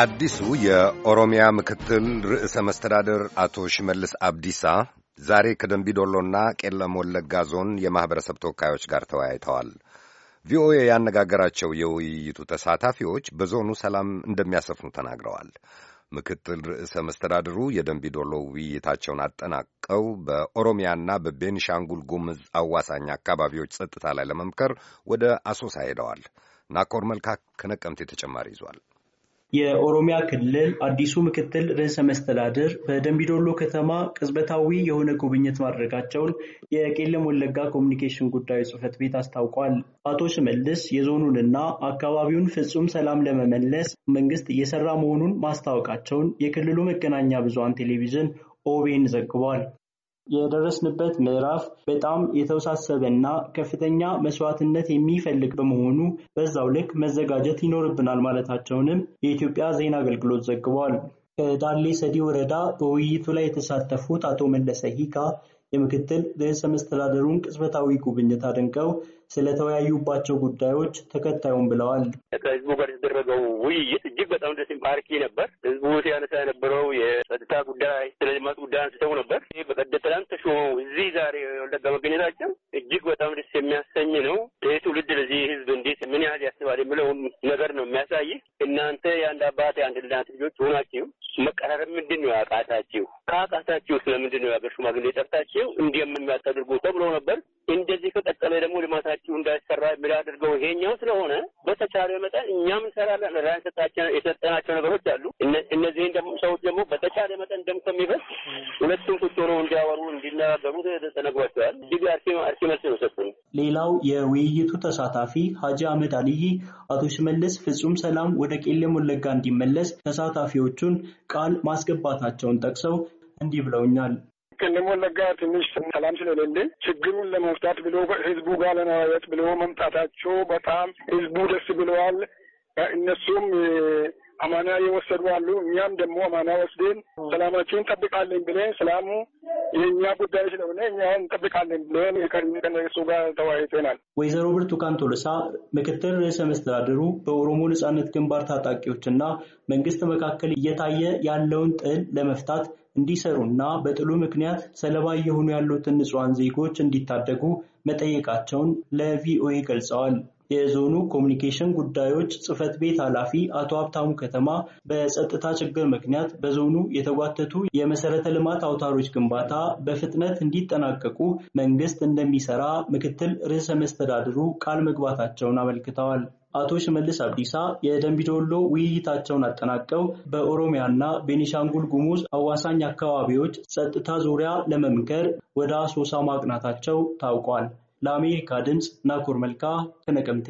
አዲሱ የኦሮሚያ ምክትል ርዕሰ መስተዳደር አቶ ሽመልስ አብዲሳ ዛሬ ከደንቢዶሎና ቄለም ወለጋ ዞን የማኅበረሰብ ተወካዮች ጋር ተወያይተዋል። ቪኦኤ ያነጋገራቸው የውይይቱ ተሳታፊዎች በዞኑ ሰላም እንደሚያሰፍኑ ተናግረዋል። ምክትል ርዕሰ መስተዳድሩ የደንቢዶሎ ውይይታቸውን አጠናቀው በኦሮሚያና በቤንሻንጉል ጉምዝ አዋሳኝ አካባቢዎች ጸጥታ ላይ ለመምከር ወደ አሶሳ ሄደዋል። ናኮር መልካ ከነቀምቴ ተጨማሪ ይዟል። የኦሮሚያ ክልል አዲሱ ምክትል ርዕሰ መስተዳድር በደንቢዶሎ ከተማ ቅጽበታዊ የሆነ ጉብኝት ማድረጋቸውን የቄለም ወለጋ ኮሚኒኬሽን ጉዳዮች ጽህፈት ቤት አስታውቋል። አቶ ሽመልስ የዞኑንና አካባቢውን ፍጹም ሰላም ለመመለስ መንግስት እየሰራ መሆኑን ማስታወቃቸውን የክልሉ መገናኛ ብዙሃን ቴሌቪዥን ኦቤን ዘግቧል። የደረስንበት ምዕራፍ በጣም የተወሳሰበ እና ከፍተኛ መስዋዕትነት የሚፈልግ በመሆኑ በዛው ልክ መዘጋጀት ይኖርብናል ማለታቸውንም የኢትዮጵያ ዜና አገልግሎት ዘግቧል። ከዳሌ ሰዲ ወረዳ በውይይቱ ላይ የተሳተፉት አቶ መለሰ ሂካ የምክትል ርዕሰ መስተዳደሩን ቅጽበታዊ ጉብኝት አድንቀው ስለተወያዩባቸው ጉዳዮች ተከታዩም ብለዋል። ከህዝቡ ጋር የተደረገው ውይይት እጅግ በጣም ደስ ማርኪ ነበር። ህዝቡ ሲያነሳ የነበረው የጸጥታ ጉዳይ፣ ስለ ልማት ጉዳይ አንስተው ነበር። በቀደም ትናንት ተሾመው እዚህ ዛሬ ወለጋ መገኘታቸው እጅግ በጣም ደስ የሚያሰኝ ነው። የሚለውን ነገር ነው የሚያሳይ። እናንተ የአንድ አባት የአንድ እናት ልጆች ሆናችሁ መቀራረብ ምንድን ነው ያቃታችሁ? ከአቃታችሁ ስለምንድን ነው የሀገር ሽማግሌ ጠርታችሁ እንደምታደርጉ ተብሎ ነበር። እንደዚህ ከቀጠለ ደግሞ ልማታችሁ እንዳይሰራ የሚያደርገው ይሄኛው ስለሆነ በተቻለ መጠን እኛም እንሰራለን። ራ የሰጠናቸው ነገሮች አሉ። እነዚህን ሰዎች ደግሞ በተቻለ መጠን ደም ከሚፈስ ሁለቱም ቁጭ ሆነው እንዲያወሩ እንዲነጋገሩ ተነግሯቸዋል። እጅግ ሌላው የውይይቱ ተሳታፊ ሀጂ አህመድ አልይ አቶ ሽመልስ ፍጹም ሰላም ወደ ቄለም ወለጋ እንዲመለስ ተሳታፊዎቹን ቃል ማስገባታቸውን ጠቅሰው እንዲህ ብለውኛል። ቄለም ወለጋ ትንሽ ሰላም ስለሌለ ችግሩን ለመፍታት ብሎ ህዝቡ ጋር ለመዋየት ብሎ መምጣታቸው በጣም ህዝቡ ደስ ብለዋል። እነሱም አማና የወሰዱ አሉ። እኛም ደግሞ አማና ወስደን ሰላማችን ጠብቃለን ብለን ሰላሙ የእኛ ጉዳዮች ነው እና እኛ እንጠብቃለን ብለን ከእነሱ ጋር ተወያይተናል። ወይዘሮ ብርቱካን ቶለሳ ምክትል ርዕሰ መስተዳድሩ በኦሮሞ ነጻነት ግንባር ታጣቂዎችና መንግስት መካከል እየታየ ያለውን ጥል ለመፍታት እንዲሰሩና በጥሉ ምክንያት ሰለባ እየሆኑ ያሉትን ንጹሐን ዜጎች እንዲታደጉ መጠየቃቸውን ለቪኦኤ ገልጸዋል። የዞኑ ኮሚኒኬሽን ጉዳዮች ጽህፈት ቤት ኃላፊ አቶ ሀብታሙ ከተማ በጸጥታ ችግር ምክንያት በዞኑ የተጓተቱ የመሰረተ ልማት አውታሮች ግንባታ በፍጥነት እንዲጠናቀቁ መንግስት እንደሚሰራ ምክትል ርዕሰ መስተዳድሩ ቃል መግባታቸውን አመልክተዋል። አቶ ሽመልስ አብዲሳ የደንቢዶሎ ውይይታቸውን አጠናቀው በኦሮሚያና ቤኒሻንጉል ጉሙዝ አዋሳኝ አካባቢዎች ጸጥታ ዙሪያ ለመምከር ወደ አሶሳ ማቅናታቸው ታውቋል። ለአሜሪካ ድምፅ ናኮር መልካ ከነቀምቴ